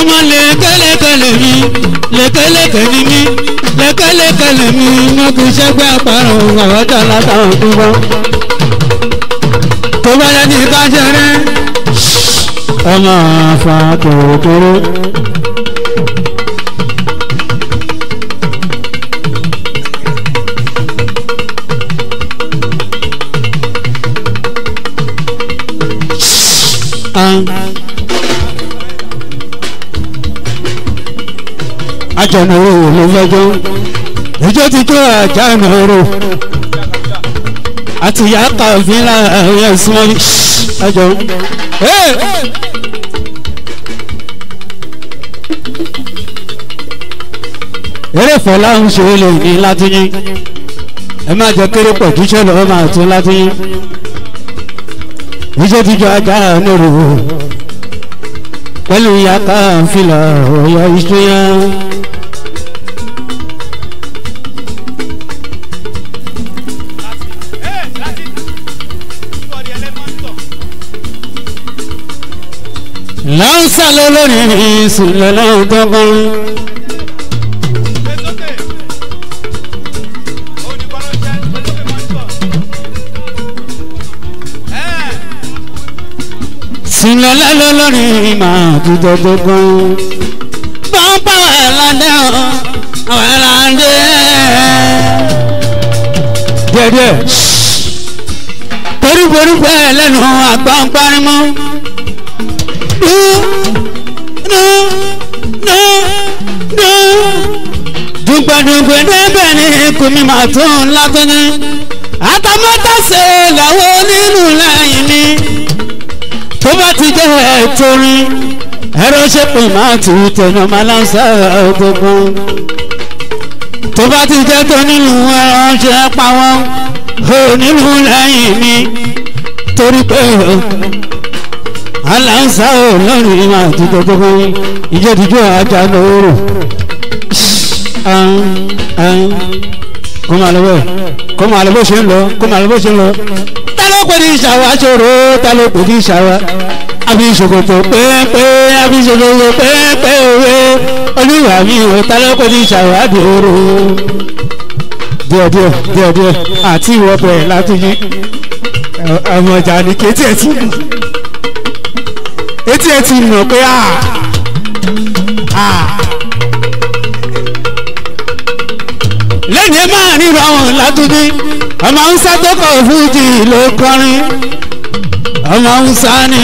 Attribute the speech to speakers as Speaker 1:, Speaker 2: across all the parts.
Speaker 1: ọmọ lẹ́kẹ́lẹ́kẹ́ mi, lẹ́kẹ́lẹ́kẹ́ ni mí lẹ́kẹ́lẹ́kẹ́ lèmi mo kì í ṣẹ́gbẹ́ àparùn àwọ̀dà látàwọn tó bọ́. tó bá yẹ ní ká ṣe rí ọmọ àfa kòkòrò. àjànàrò ló fẹ́ jó ìjó ti jó àjànàrò àti ìyá kàfin láàrin ẹ̀sùn wọn ni ẹjọ́ eré fọlá ń ṣe lè ní látìyín ẹ má jẹ kéré pọ̀ jíṣẹ́ lọ́wọ́ máa tún látìyín ìjó ti jó àjànàrò pẹ̀lú ìyá kàfin láàrin ẹ̀sùn wọn. lónìí sùlọ́lá ọ̀dọ́gbọ́n. sùlọ́lá lọ́lọ́rin máa dúdọ́ gbọ́gbọ́n. pápá ẹ̀làdé ọ̀ àwọn ẹ̀làdé. díẹ̀díẹ̀ torí borúkọ ẹ̀ lẹ́nu àgbọ̀n parí mọ́. àdùnkùn débẹ̀ ní kùmí màá tó ńlá tó ní. àtàmọ́tàṣe làwọn onínú lẹ́yìn mi tó bá ti jẹ́ ẹ̀ torí ẹ̀rọ ṣe pé màá tù ú tẹ̀nà máa lásà gbogbo tó bá ti jẹ́ tó nínú ẹ̀rọ ṣe pa wọ́n onínú lẹ́yìn mi torí pé aláǹsà ò lọ́rùn ìmọ̀ àti gbogbo ìjẹ́díjọ́ ajá lóòrò kó máa lọ bẹ́ẹ̀ kó máa lọ bó ṣe ń lọ kó máa lọ bó ṣe ń lọ. ta ló pè ní ìṣàwá ṣòro ta ló pè ní ìṣàwá. àbí ìṣòkòtò pépé àbí ìṣòkòtò pépé òwe olúwa mi ò ta ló pè ní ìṣàwá dòrò. díẹ̀díẹ̀ díẹ̀díẹ̀ àti ìwọ bẹ̀rẹ̀ látúnyí ọmọ ìjà ni kétí ẹ̀ etí ẹ̀ ti pé a. Ah, ah. lẹ́yìn máa ríra wọn ládùúgbí ọmọ haúsá tó kọ̀ fújì ló kọrin ọmọ haúsá ni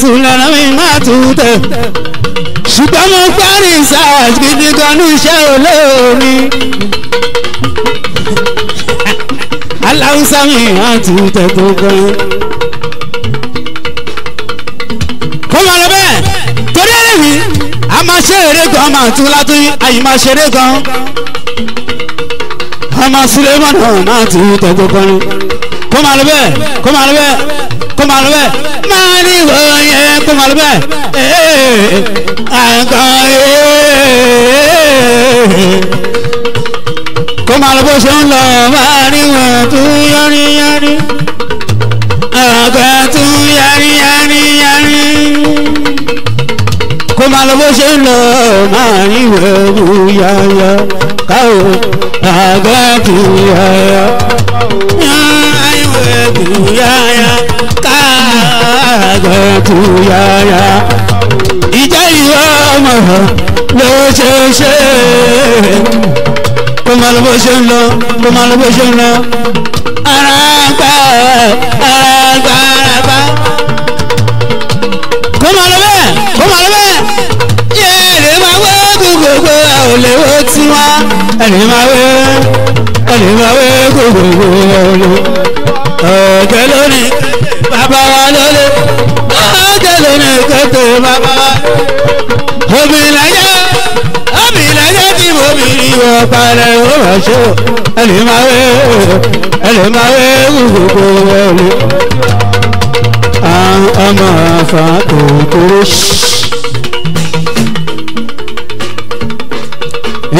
Speaker 1: sùn lọ́nà mi máa tù tẹ̀ ṣùgbọ́n mo parí sars gidi gan ní iṣẹ́ olórin aláwùsá mi máa tù tẹ̀ tó gan. kó máa lọ bẹ́ẹ̀ torí ẹ̀rẹ́ mi a máa ṣe eré gan máa tún látún àyè máa ṣeré gan ọmọ suleiman hàn náà ti ń tọ́ gbogbo ni kó máa lọ bẹ́ẹ̀ kó máa lọ bẹ́ẹ̀ kó máa lọ bẹ́ẹ̀ máa ní ìwọ yẹn kó máa lọ bẹ́ẹ̀ ee àǹkan ee kó máa lọ bó ṣe ń lọ máa ní ìwọ̀n tún yọrí yọrí àǹkan tún yọrí yọrí. máa lọ bó ṣe ń lọ máa ní ìrẹ̀lú yáyá káwọ́ àgbà kì í yáyá. Kuyaya, káàgọ̀ kuyaya, ìjẹ́ ìwọ ọmọ ló ṣe ṣe. Kó máa lọ bó ṣe ń lọ, kó máa lọ bó ṣe ń lọ, ara ń pa ara. olówó tí wọ́n ẹni máa wé ẹni máa wé gbogbogbò olówó. ọ̀gẹ́ lónìí bàbá wa lólè ọ̀gẹ́ lónìí kẹ́tẹ́ bàbá wa. obìnrin ayé obìnrin ayé tí mo bìrì wọ parẹ́ ó mà ṣe o ẹni máa wé ẹni máa wé gbogbogbò olówó. ọmọ afa kòkòrò ṣí.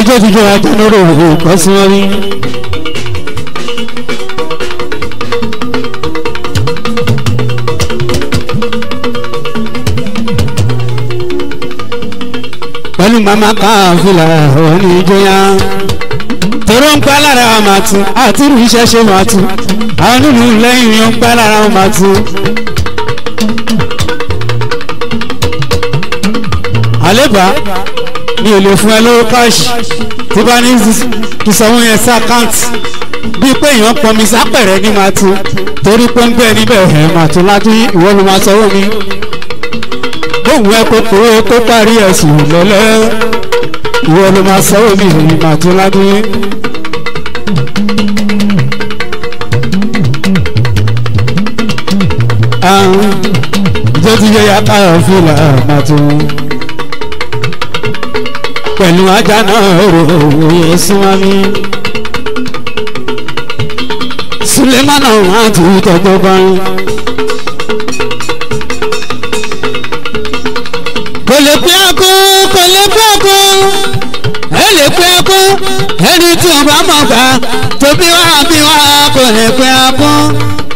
Speaker 1: jẹ́ ti jọra tán lórí òwò kan sí wọn rí. pẹ̀lú màmá káàfìlà òun ní ìjọyà tòró ń pa lára àwọn màtún àti ìrìṣẹ́ ṣe màtún àwọn nínú lẹ́yìn ń pa lára àwọn màtún. àlébà mi ò lè fún ẹ lówó káàṣì tí bá ní ìsanwó yẹn sí àkáǹtì bíi pé èèyàn pọnmi sápẹ̀rẹ̀ ní máa tu torí pé ń bẹ́ẹ̀ níbẹ̀ ẹ̀ máa tu lájú ìwọ ló máa sanwó mi bóun ẹ kókòrò tó parí ẹ̀sùn lọ́lẹ́ ìwọ ló máa sanwó mi ní máa tu lájú yín. ti yẹ yàtọ̀ fìlà máa tu pẹ̀lú ajá náà rò òye síwámi. Sulemana wọn àti ìtọ́jú báyìí. kò lè pé ẹkú kò lè pé ẹkú ẹ lè pé ẹkú ẹni tí o bá mọ̀ gbà tóbi wá bí wá kò lè pé ẹkú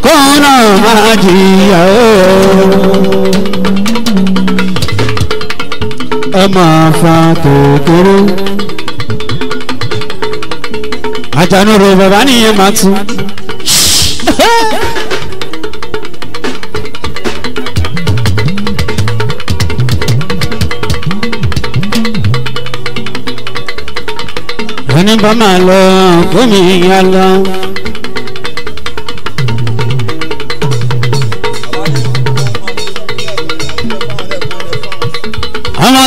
Speaker 1: kóun náà máa jìyà ooo ẹ máa fa tòótóró. àjànúrò bàbá nìyẹn máa tu. ẹni bá máa lọ gómìnà lọ.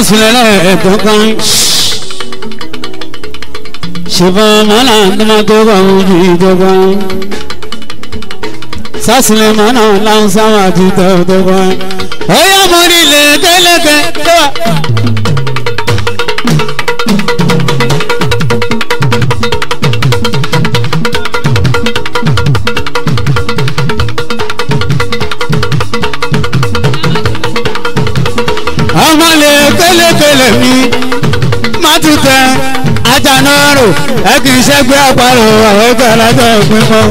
Speaker 1: sílẹ̀ kankan. ṣèbọn mọ́nà tomato kan ojú ìjọkan. sásìlẹ̀ mọ́nà láwọn sáwọn àti tẹ̀ ọ̀tọ̀ kan. ó yà mọ́ nílé tẹ́lẹ̀kẹ́ èmi má tún tẹ ajánáró ẹ kì í ṣẹ́gbẹ́ àparò àwọn gbàlájọ ìpín mọ́.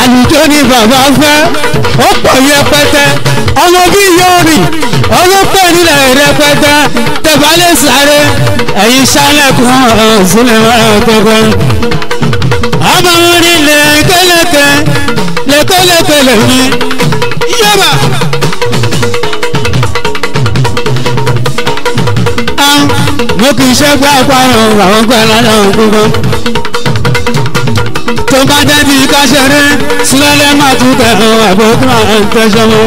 Speaker 1: àlùjọ ni bàbá fẹ́ ó pọ̀ yẹpẹtẹ ọmọ bí yóò rìn olóko nílẹ̀ rẹpẹtẹ tẹ̀bálẹ̀ sáré ẹ̀yin sálẹ̀kùn ọ̀sùnlẹ̀ ọ̀tọ̀gbẹ́. ọmọ orin lè kẹ́lẹ́kẹ́ lè kẹ́lẹ́kẹ́ lè mí. iṣẹ́ gbá parun àwọn gbà lọ́dọ̀ gbogbo. tó bá dẹ́bi káṣẹ́rẹ́ sílẹ̀lẹ̀ máa tún tẹ̀sán àbókùn àwọn tẹ̀sán mọ́.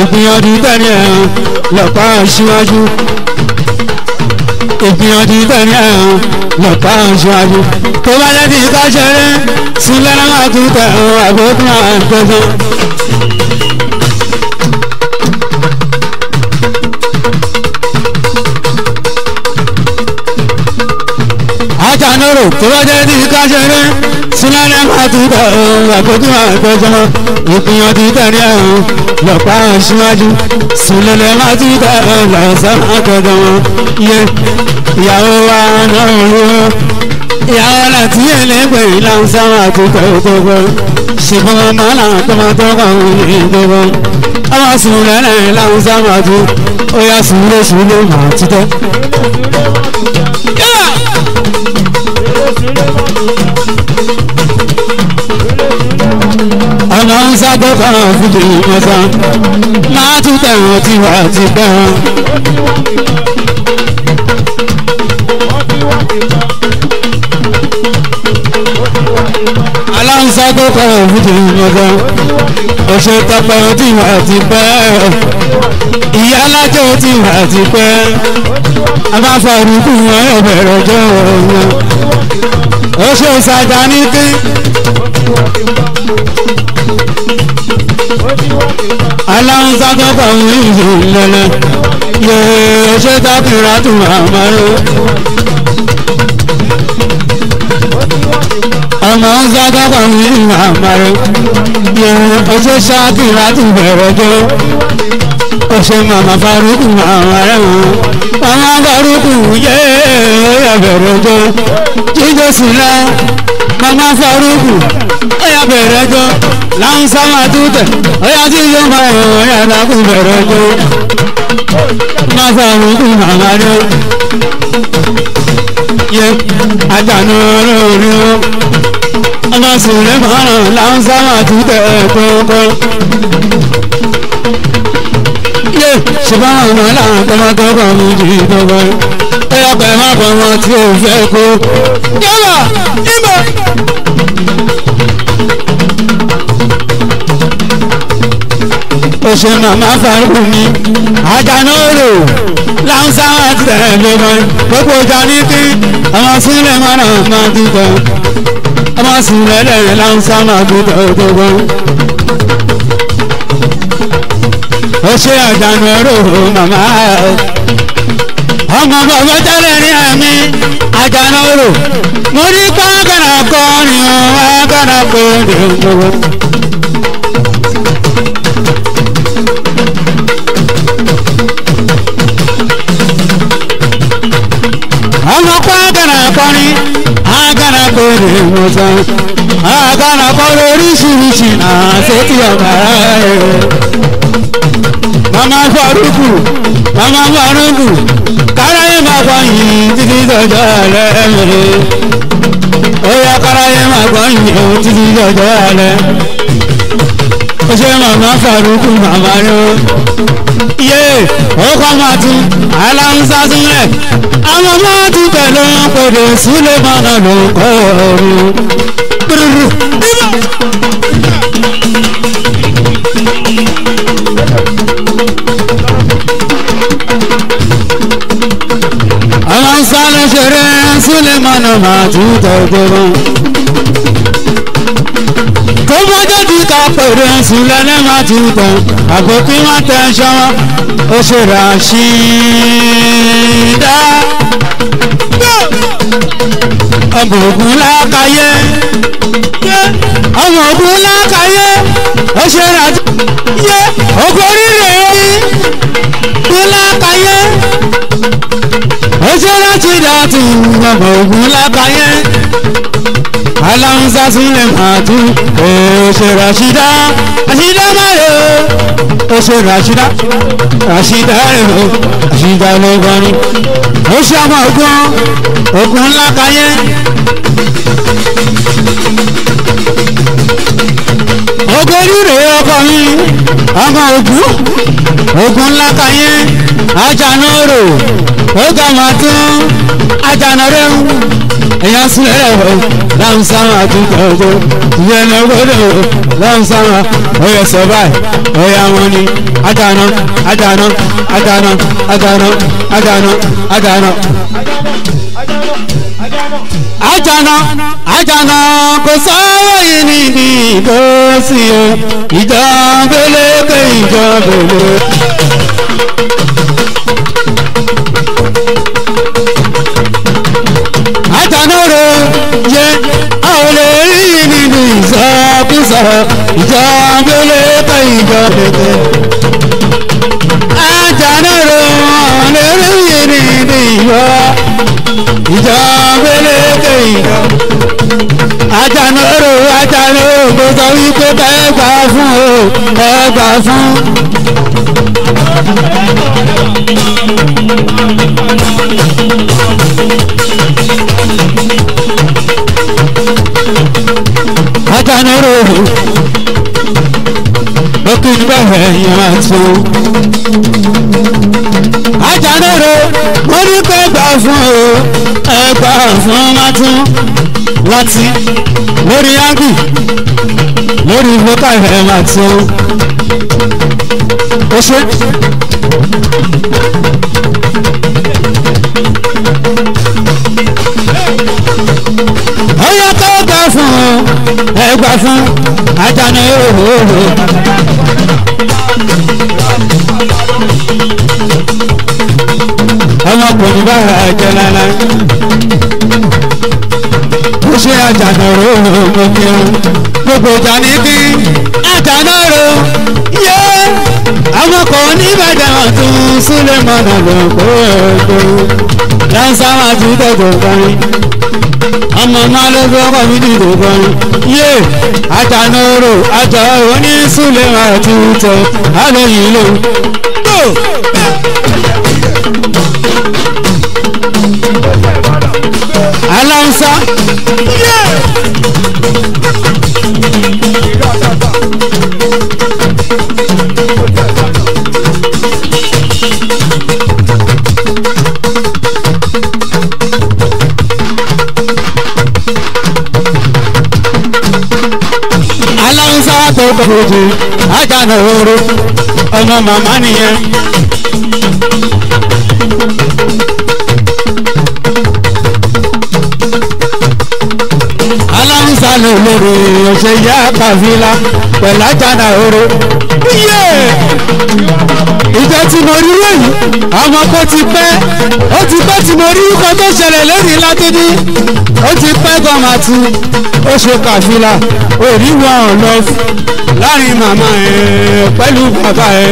Speaker 1: ìgbìyànjú tẹ̀lé ẹ̀hún lọ́pá síwájú. ìgbìyànjú tẹ̀lé ẹ̀hún lọ́pá síwájú. tó bá dẹ́bi káṣẹ́rẹ́ sílẹ̀lẹ̀ máa tún tẹ̀sán àbókùn àwọn tẹ̀sán mọ́. anoro tó bá jẹ́ ní káṣẹ́rẹ́ sílẹ̀ máa ti tẹ̀ ọ́n àgbójú àgbẹ̀jọ́ ìgbìyànjú tẹ̀lé ẹ̀hún lọ́pàá aṣíwájú sílẹ̀ máa ti tẹ̀ ọ́n lọ́sàn àgbẹ̀jọ́ wọn yẹ ìyàwó wa náà yọ ìyàwó láti ẹlẹ́gbẹ̀ ìlànsáwà àtúntò gbogbo ṣùgbọ́n mọ́lá tọmọtọmọ òun ní gbogbo ọmọ sùnlẹ̀ ìlànsáwà àtúntò ó yà sùnlẹ̀ sùnlẹ̀ ọlọ́nsá tó kàn fìdí wọn sàn máa tún tẹ̀wọ̀n tí wà á ti pẹ́ wọn. ọlọ́nsá tó kàn fìdí wọn tọpẹ́ tí wà á ti pẹ́ alájọ ti wà ti pẹ́ abáfọ̀rùkù wọn ẹ̀bẹ̀rẹ̀ ọjọ́ wọn ó ṣe ìsàjà ní kí. aláǹsá tó kọ̀ ń yìí lọ́lẹ̀ yóò ṣe tábìlì àtúmọ̀ àmọ́rò. ọmọ ń sọ́kọ́ kan ìmọ̀ àmọ́rò yóò ṣe ṣáàkì láti bẹ̀rẹ̀ jọ ọ̀sẹ̀ màmá farúkù àwọn ará wọn àwọn farúkù yẹ́ ọ̀yà bẹ̀rẹ̀ ọjọ́ jíjọ́ sí lá màmá farúkù ọ̀yà bẹ̀rẹ̀ ọjọ́ láǹsá máa tún tẹ̀ ọ̀yà jíjọ́ máa yọ̀ ọ̀yà lákùn bẹ̀rẹ̀ ọjọ́ màmá farúkù màmá rẹ̀ yẹ àjànà ọ̀rọ̀ orí ọmọ sùn lẹ́mọ̀ọ́ràn láǹsá máa tún tẹ̀ yé ṣùgbọ́n àmàlà àgbàlagbà mi jì í dọ́gba yìí. ẹ̀yà pẹ̀lú àbọ̀wọ̀n tí o fẹ́ kó. yálà ìmọ̀. oṣù màmá farukù mi àjànóró lansa àti ẹ̀ẹ́dẹ́gbẹ́ gbogbo ọjà ní kí ọmọ sílẹ̀ mọ́nà máa dìbò ọmọ sílẹ̀ lẹ́yìn lansa máa dìbò ọjọ́ gbọ́n ó ṣe àjànà ròrò màmá o ọmọ bàbá tẹ́lẹ̀ ní àmì àjànà rò mo ní pa gànà kọrin o wá gànà kọrin o. ọmọ pa gànà kọrin agànà kọrin mo sọ kọrin oríṣiríṣi náà ṣé tí ọmọ rẹ mama faruku mama faruku káráyé máa kọ yìí títí dọjọ́ alẹ́ mẹ́rin ó yá káráyé máa kọ yìí títí dọjọ́ alẹ́ ó ṣe mama faruku mama ni ó yé ọkọ máa tún aláǹsá sílẹ̀ àwọn máa tún tẹ̀lé wọn pẹ̀lú sílẹ̀ mọ́nà ló kọ́ ọ̀run. ọgbọ́n. kó má jáde ká pèrè ẹ̀sìn lẹ́lẹ́ má ti tàn àgbẹ̀kí má tẹ̀ ṣọ́wọ́ ó ṣe rà sí i dá. ọmọ ògùn lákàyé ọmọ ògùn lákàyé ó ṣe rà sí i yé ògùn rírè orí ògùn lákàyé ó ṣe rà sí i dá tì ọmọ ògùn lákàyé alamsa sílẹ̀ màtú òṣè ràṣídá ràṣídá máyò òṣè ràṣídá ràṣídá rẹ̀ o ràṣídá ló gbọ́n ni ó ogun ogun ńlá ogun orí rèé ọkọ mi ọmọ ògún ògún ńlá kayé ajana oro oga máa tún ajana rẹ̀ ń èèyàn sílẹ̀ rẹ̀ wọ̀ láwọn sáwọn àtúntò ọjọ́ ìyẹn ní ọgọ́dọ̀ láwọn sáwọn ọyọ sọ́bàì ọyọ àwọn ni ajana ajana ajana ajana ajana ajana. Ajana, ajana kò sọ́wọ́ yìí níbi ìdọ́sí o ìjọngbéléke ìjọngbélé. àjànà rẹ̀ yẹ àwọn lè rí nínú ìsọkúsọ ìjọngbéléke ìjọngbélé. fún. ajanero lókè nígbà ẹ̀yìn àti ajanero mo ní pé gbà fún o ẹ gbà fún mátún láti lórí ágùn lórí vocal fm àti ó ṣe. ó yẹ kó gbà fún ẹ gbà fún Àjàní òhòhò. àjàní bí àtànáró yé àwọn kò ní bàjẹ́ ọ̀tún súnlẹ̀ mọ́nà lọ́pọ̀ ẹ̀kọ́ lásàmà tí tọ̀tọ̀ kọrin ọmọ máa ló fi ọkọ̀ mi dìde kọrin yé àtànáró àjọ òní súnlẹ̀ àti tọ̀ àlọ́yìn ló gbò. aláǹsá. tó kọ̀ọ̀jì ajá náà oró ọmọ màmá nìyẹn. aláǹsà lè lórí ọ̀sẹ̀ yá kàfílà pẹ̀lú ajá náà oró. Yeah! pẹ́ tí mo rí lóyún àmọ́ kó ti pẹ́ ó ti pẹ́ tí mo rí nǹkan tó ṣẹlẹ̀ lónìí látẹ́dí ó ti pẹ́ gan màtí ó ṣe kàfìlà òrí wọn ò lọ láàrin màmá ẹ pẹ̀lú bàbá ẹ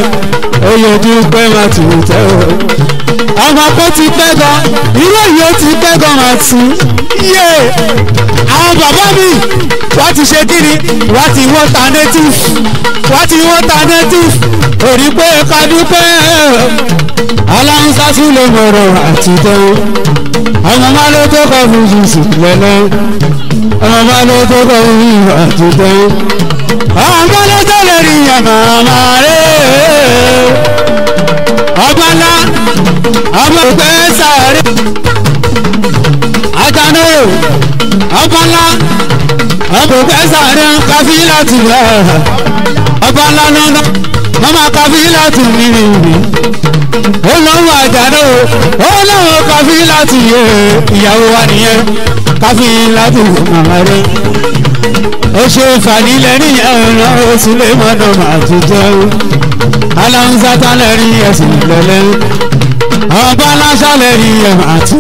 Speaker 1: ó yẹ dúpẹ́ màtí tẹ́ o àmọ́ kó ti pẹ́ gan irú èyí ti pẹ́ gan màtí yé. Yeah àwọn bàbá mi wọ́n ti ṣe kí ni wọ́n ti wọ́n ta native wọ́n ti wọ́n ta native òní pé ká dúpẹ́ aláǹsá tún lè mọ̀rọ̀ àtijọ́ ọmọ máa ló tó kọ fún jùsù lẹ́lẹ́ ọmọ máa ló tó kọ fún jùsù àtijọ́ ọmọ máa ló tó lè rí àmàmà rẹ̀ ọgbọ́n ọmọ ìgbẹ́ sáré dáná o ọba ńlá ọkọ̀ pẹ́sà ní káfí láti rẹ̀ ọba ńlá náà mama káfí láti mi olówó àjàdá o olówó káfí láti yẹ ìyàwó wa nìyẹn káfí láti màmá ó ṣe fànílẹ̀ níyàwó náà ó sì lè mọ́dọ̀ máa tún jẹun aláǹsá tálẹ̀ rí ẹ̀sìn lẹ́lẹ́ ọba aláṣà lè rí ẹ̀mà tí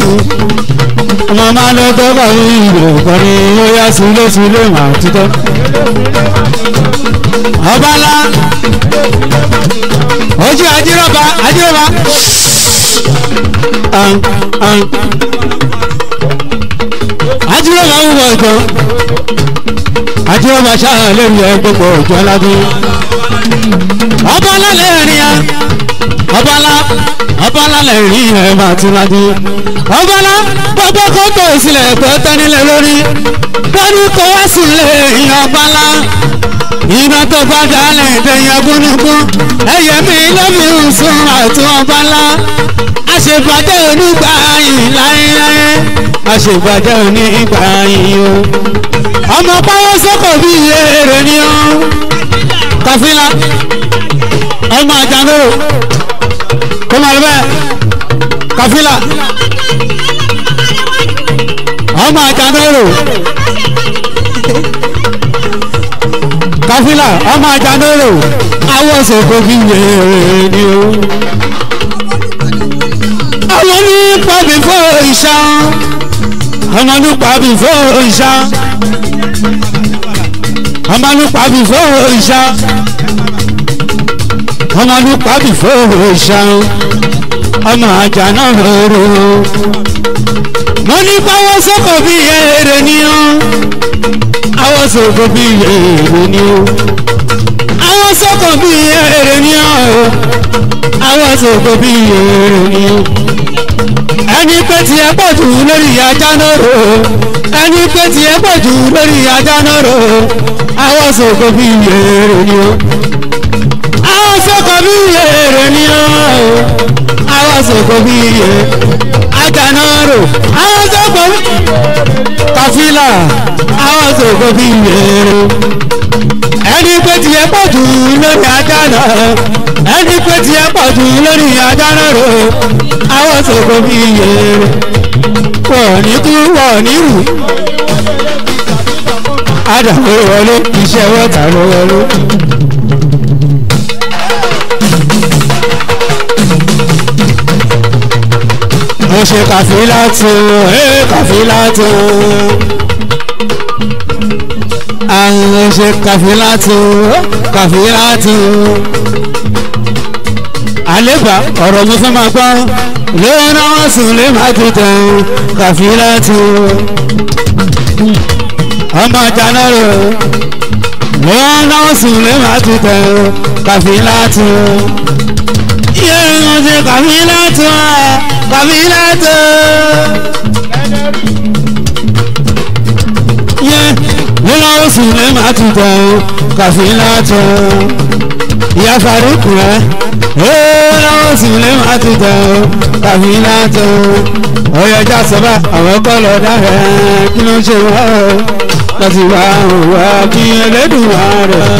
Speaker 1: ọmọ máa lọ tọ́kọ̀ ní ìlú ọ̀kọ́rin ó yá sí ló sì lè máa tún tọ́ ọba alá ojú ajírọ́ba ajírọ́ba ajírọ́ba ń wọ ìtàn àti ọba ṣáà lórí ẹ gbogbo òjò alágún. ọba lálẹ́ rìn ya ọbala ọbala lẹ́rìn ẹ̀ máa tún ládùn. ọbala gbogbo kótó ìsìlẹ̀ pé tẹ́nilẹ̀ lórí lórí kó wá sílẹ̀ ọbala iná tó bá dálẹ̀ dẹ̀yẹ gúnugún ẹ̀yẹ mi lómi ń sún àtún ọbala àṣebàjẹ́ onígbà yìí láyé láyé àṣebàjẹ́ onígbà yìí o ọmọ pàwọ́ sọ́kọ̀ bí èrè ni ọ́ kọfílà ọmọ àjàngóró kó máa lọ bẹ́ẹ̀ kọfílà ọmọ àjàngóró kọfílà ọmọ àjàngóró àwọn sọ́kọ̀ bí èrè ni ọ́ àwọn ní pàbí fún ìṣàn ọmọlúpa bìfọ́ òrìṣà ọmọlúpa bìfọ́ òrìṣà ọmọlúpa bìfọ́ òrìṣà ọmọ àjà náà rọrọ mo ní báwọ́ sọ́kọ̀ bí èrè ni ó àwọn sọ́kọ̀ bí èrè ni ó àwọn sọ́kọ̀ bí èrè ni ó àwọn sọ́kọ̀ bí èrè ni ó ẹni pé tiẹ̀ pọ̀ jù lórí ajá náà rò ẹni pé tiẹ̀ pọ̀ jù lórí ajá náà rò àwọn sọ̀kọ̀ bí èrè ni o àwọn sọ̀kọ̀ bí èrè ni o àwọn sọ̀kọ̀ bí ajá náà rò àwọn sọ̀kọ̀ kàfílà àwọn sọ̀kọ̀ bí èrè ẹni pé tiẹ̀ pọ̀ jù lórí ajá náà ẹni pé tí ẹ pọ̀ jù lórí adáná ro àwọn ṣògo fi yèrè wọ̀ ní kú wọ̀ ní wù. Adamu wọlé iṣẹ́ wọ́ta ló wọlé. Mo ṣe kàfílà tó ee kàfílà tó. Àwọn ṣe kàfílà tó kàfílà tó àlébà ọ̀rọ̀ musa máa gbọ́ lórí náà sùn lè má tó tán kàfílà tó ọmọ janaro lórí náà sùn lè má tó tán kàfílà tó yẹ ẹ̀rọ ṣe kàfílà tó kàfílà sílẹ̀ má ti tẹ̀ o tàbí láti o ọyọ ẹja sọ́ba àwọn kọ́ lọ dára kí ló ń ṣe wá o láti wá o wá kí ẹlẹ́dùn wá rẹ̀.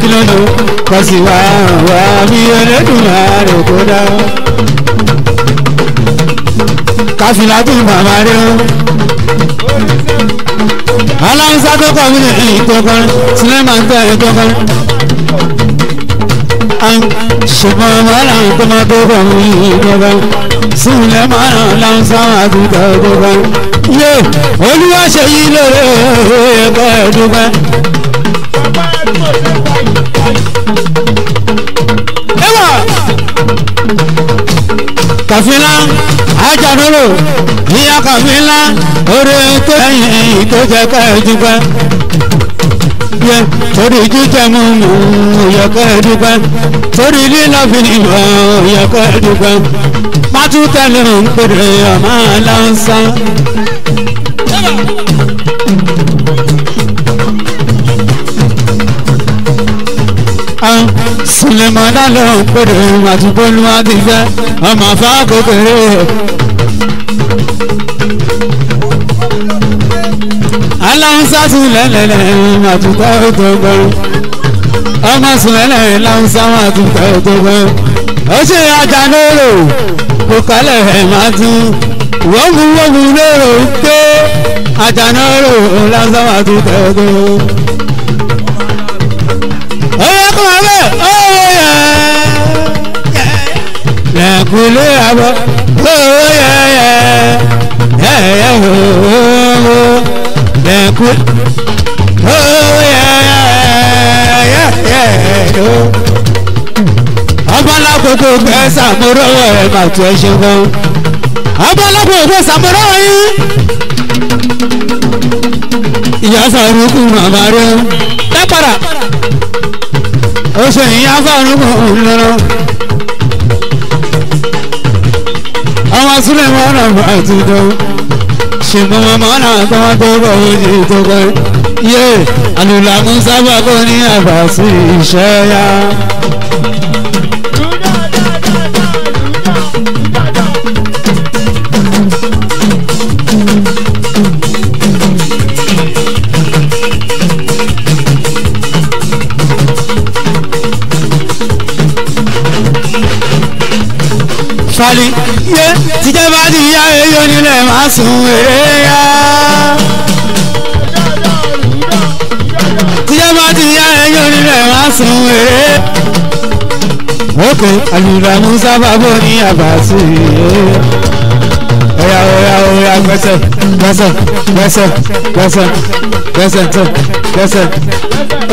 Speaker 1: kí ló ń lò kọ́ wá o ẹlẹ́dùn wá kó dára káfíńlá tó bàbá rí o. aláǹsá tó kọ̀ mí ní ìtọ́kọ́ sinimá ń tẹ̀ ìtọ́kọ́. ṣùgbọ́n màrà tó máa tó kọ̀ mí ní ìtọ́kọ́ sílẹ̀ màrà láǹsá àti ìtọ́kọ́. yé olúwa ṣe yí lóore ẹ̀kọ́ ẹ̀dúgbẹ́. kàfínlá ajanoro ìyá kàfínlá oore tó lẹ́yìn tó jẹ́ ká ẹ dúpẹ́ yẹ torí jíjẹ mú mú òye ká ẹ dúpẹ́ torí lílọ fi nílò òye ká ẹ dúpẹ́ pátú tẹ̀lé ń pèrè ọmọ aláǹsá. Ah, sinimọ́lá ló ń pèrè àtúbọ̀lù àdìgbẹ́ ọmọ àfáàkó pèrè. aláǹsá tún lẹ́lẹ̀lẹ̀ àtúntà ètò gbẹ̀rù ọmọ sùn lẹ́lẹ̀ láǹsá wọn àtúntà ètò gbẹ̀rù. ó ṣe àjànóró kò kálẹ̀ ẹ̀ máa tún wọ́gùn wọ́gùn lérò pé àjànóró láǹsá wọn àtúntà ètò gbẹ̀rù máa bẹ̀ owó yẹ lẹ́kùlé àbọ̀ owó yẹ yẹ yẹ owó lẹ́kùlé owó yẹ yẹ yẹ yẹ ọba lakoko gbẹ samuro ẹ ma tó ẹ ṣe gan ọba lakoko gbẹ samuro yín ìyá sàrúkú màmá rẹ ẹ oṣù yìí afárúkọ òǹdọ̀rọ̀ ọmọ sílẹ̀ mọ́nà àtijọ́ ṣùgbọ́n mọ́nà kan tó bọ̀ ojú tó kọ́ yé alùlà musa bàbá ní àbàṣì ìṣẹ́ yá. bali yé tíjẹ́ bá di ìyá eyó nílẹ̀ máa sùn wèrè e yá. tíjẹ́ bá di ìyá eyó nílẹ̀ máa sùn wèrè. òkè àlùbà musa bàbá ní àbàtì oya oya oya gbẹsẹ gbẹsẹ gbẹsẹ gbẹsẹ gbẹsẹ tó gbẹsẹ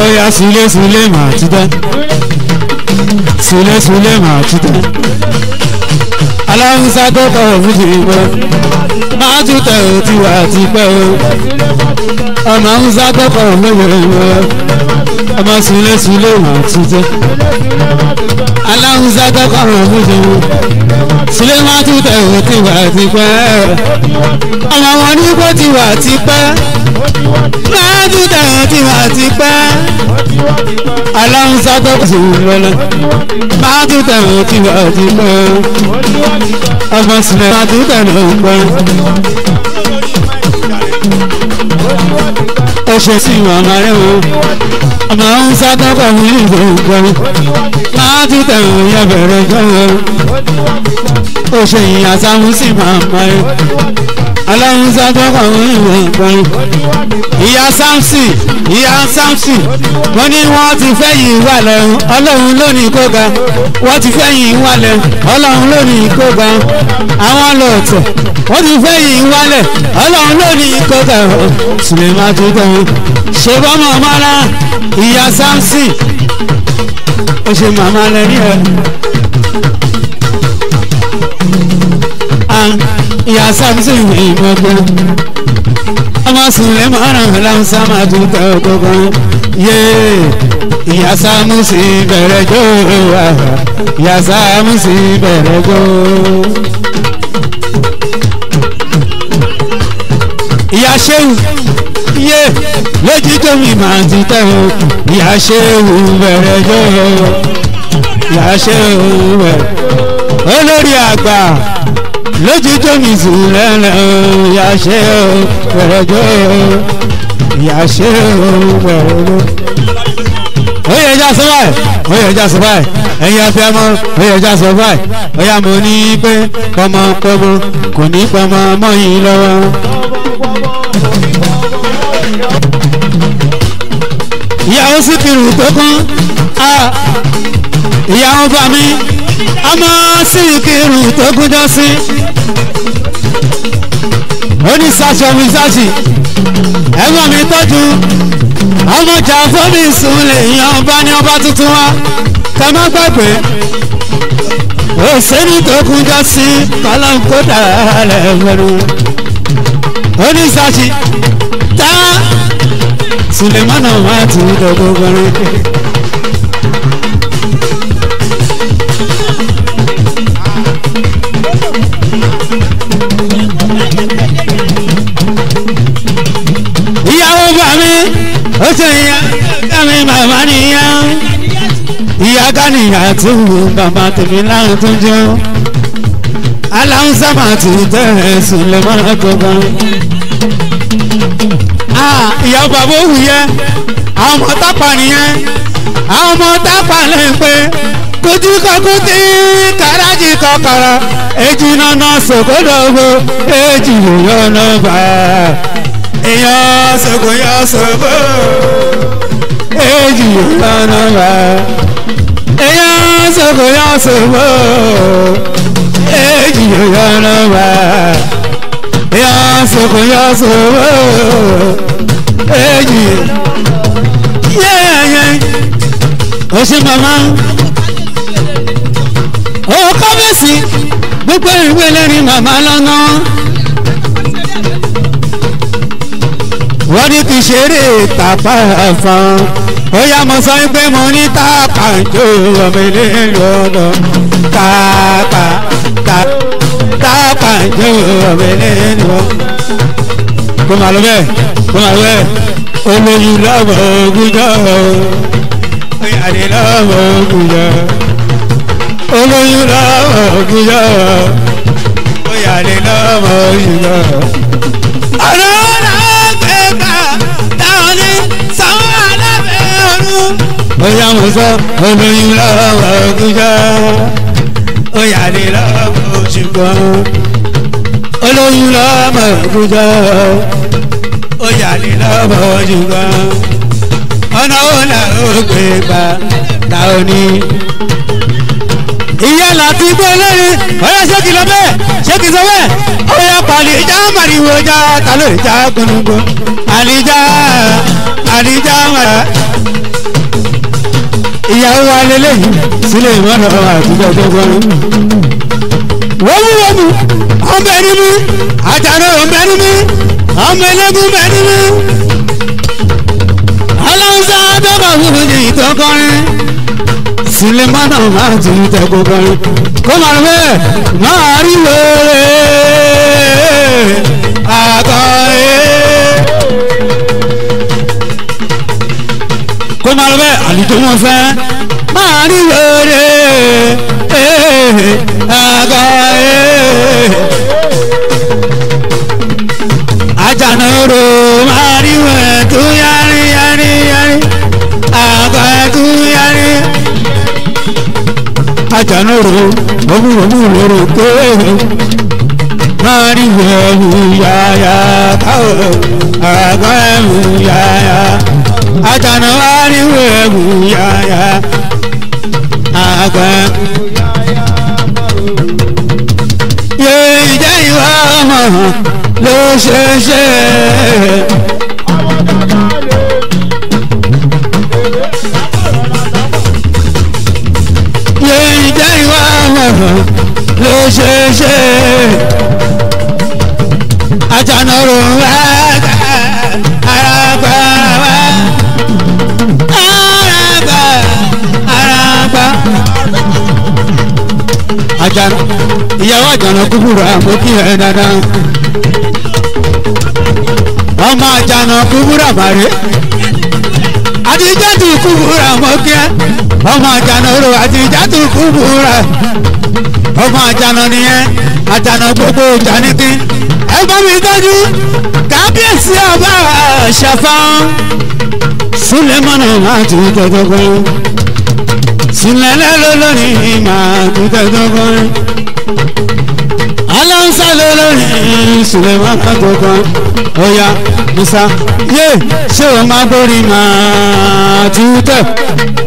Speaker 1: oya sule sule ma, ti dẹ sule sule ma, ti dẹ aláwùsá tó kọ òfújì mọ máa tún tẹ òtí wà tipẹ́ o ọmọ haúsá tó kọ òmẹwẹrẹ mọ ọba sunlé sunlé wọn tuntun aláwùsá tọkọ àwọn ọmọdé wọn sunlé wọn tún tẹ wọn ti wà tipẹ́ ọmọ wọn ní kó ti wà tipẹ́ máa tún tẹ wọn ti wà tipẹ́ aláwùsá tọkọ sunlé máa tún tẹ wọn ti wà tipẹ́ ọba sunlé máa tún tẹ wọn pẹ́ ọṣẹ sí ìwà máa rẹ wọn máa ń sádọ́kọ̀ ní ìgbòǹkan láti tẹ̀wọ̀n yẹn bẹ̀rẹ̀ gan-an ó ṣe ìyàsáhùn sí màmá ẹ̀ ọlọ́run sọ́jọ́ kọ̀wé ìwé ìgbọ̀nyìn. ìyá samson ìyá samson mo ní wọ́n ti fẹ́yìn wà lẹ́run ọlọ́run lónìí kó ga wọ́n ti fẹ́yìn wà lẹ́run ọlọ́run lónìí kó ga àwọn lọ́ọ̀tọ̀ wọ́n ti fẹ́yìn wálẹ̀ ọlọ́run lónìí kó ga sinimá tó tẹ̀wọ́n ṣe bọ́mọ mọ́ra ìyá samson ó ṣe màmá lẹ́rí ẹ̀. ìyá sábìsì ìwé ìmọ̀gbọ́. ọmọ sùnlẹ̀ mọ́ràn láwùsá máa tún tẹ ọgbọ́n. yé ìyá sámúsì bẹ̀rẹ̀ jó ìyá sámúsì bẹ̀rẹ̀ jó. ìyá sẹ́wù yé lójú tó mi máa ti tẹ̀ o ìyá sẹ́wù bẹ̀rẹ̀ jó ìyá sẹ́wù bẹ̀rẹ̀ olórí àgbà lójijọ́ mi sì lẹ́nu ìyá ṣe o wẹ̀rẹ̀jọ́ ìyá ṣe o wẹ̀rẹ̀jọ́. oyè ẹja sọ báyìí oyè ẹja sọ báyìí ẹ̀yin afẹ́mọ oyè ẹja sọ báyìí ọ̀yà mo ní pé kọ́mọ kọ́mọ kò ní pọ́nmọ mọ́ yìí lọ́wọ́. ìyàwó sì kiri tó kán ìyàwó bá mi ọmọ sì kiri tó kújọ sí oní sasi, mi sasi. ẹ̀gbọ́n mi tọ́jú ọmọjà fọmi sùn lè yan ọba ní ọba tuntun wa ká má gbàgbé òsèlú tó kúnjọ sí kọlọńkódà rẹ mẹrù oní sàṣì tá Sulemana wà tún dọgbọgbọrin. ṣe ìyá kánì bàbá nìyá ìyá kánì àti wù bàbá tèmi láwọn tó jọ aláǹsá máa ti tẹ̀rẹ̀ sílẹ̀ máa tó bá. ìyá bàbá òwú yẹ àwọn ọmọ tápà nìyẹn àwọn ọmọ tápà lè pe kojú kọkútì kàràjì kọkọrọ èjì nana sòkòdògbò èjì yòyọ náà bá yaso ko yaso bo eji lana ba eyaso ko yaso bo eji lana ba yaso ko yaso bo eji yeye o ṣe mama o kábẹ́sì gbogbo ìwé lẹ́rìí màmá lọ́nà. wọ́n ní kì í ṣeré tàpá ẹ̀fọn ó yá mo sọ pé mo ní tàpá jó ọmọ eléyìí ọ̀nà tàpá tàpá jó ọmọ eléyìí ọ̀nà. kó màlúù bẹ́ẹ̀ kó màlúù bẹ́ẹ̀ olóyún lọ́wọ́ ògùnjọ́ ìyàdí lọ́wọ́ ògùnjọ́ olóyún lọ́wọ́ ògùnjọ́ ìyàdí lọ́wọ́ ògùnjọ́ táwọn ní sanwó alábẹ́ ọdún. bóyá mo sọ olóyin lọ́wọ́ ògúnjọ́ ó yàrá lọ́wọ́ òṣùgbọ́n olóyin lọ́wọ́ ògúnjọ́ ó yàrá lọ́wọ́ òṣùgbọ́n ọ̀nà òun là ó gbà táwọn ní ìyẹn láti gbé lẹ́yìn ọ̀yà ṣéèkì lọ bẹ́ẹ̀ ṣéèkì sọ bẹ́ẹ̀ ọ̀yà pàlìjà màrìwò já kálọ̀ ìjà gbọ̀nùgbọ̀n àlìjà àlìjà màrà ìyàwó wa lélẹ́yìn sílẹ̀ ìmọ̀nà ọ̀rọ̀ àtijọ́ tó gbọ́n. wọ́múwọ́mú ọmọ ẹni mú àtàrà ọmọ ẹni mú ọmọ ẹlẹ́gùn ọmọ ẹni mú ọlọ́run sáà Sulemana máa ti ń tẹ́kọ̀ kọrin kó máa bẹ́ẹ̀ máa rí wẹ́rẹ́ àkọ́yé. kó máa bẹ́ẹ̀ àlùjọ wọn fẹ́ máa rí wẹ́rẹ́. janoro mọ̀mùmọ̀mù lóró pé máa rí ẹ̀rù yáyà táwọn àgbà ẹ̀rù yáyà àjànà wá rí ẹ̀rù yáyà àgbà ẹ̀rù yáyà táwọn. yé ìjẹ́ ìwà ọmọ ló ṣe ṣe. ọlọ́run ló ṣe é ṣe àjànàrò wá ara gbà wá ara gbà ara gbà. àjànà ìyàwó àjànà kúkúrú àmókì ẹ̀ dandan ọmọ àjànà kúkúrú àmàrè àdìjẹ́ tù kúkúrú àmókì ẹ̀ ọmọ àjànàrò àti ìjàtù kúbù rẹ ọmọ àjànà nìyẹn àjànà gbogbo jànìtì ẹgbẹ́ mi dájú kábíyèsí ọba ṣàfàn Sulemana máa ti tẹ́tọ́gbọ́n sílẹ̀lẹ́ lólórí máa ti tẹ́tọ́gbọ́n aláǹsá lólórí Sulemana tọ́gbọ́n ọ̀ya musa yé ṣé o máa bórí máa ti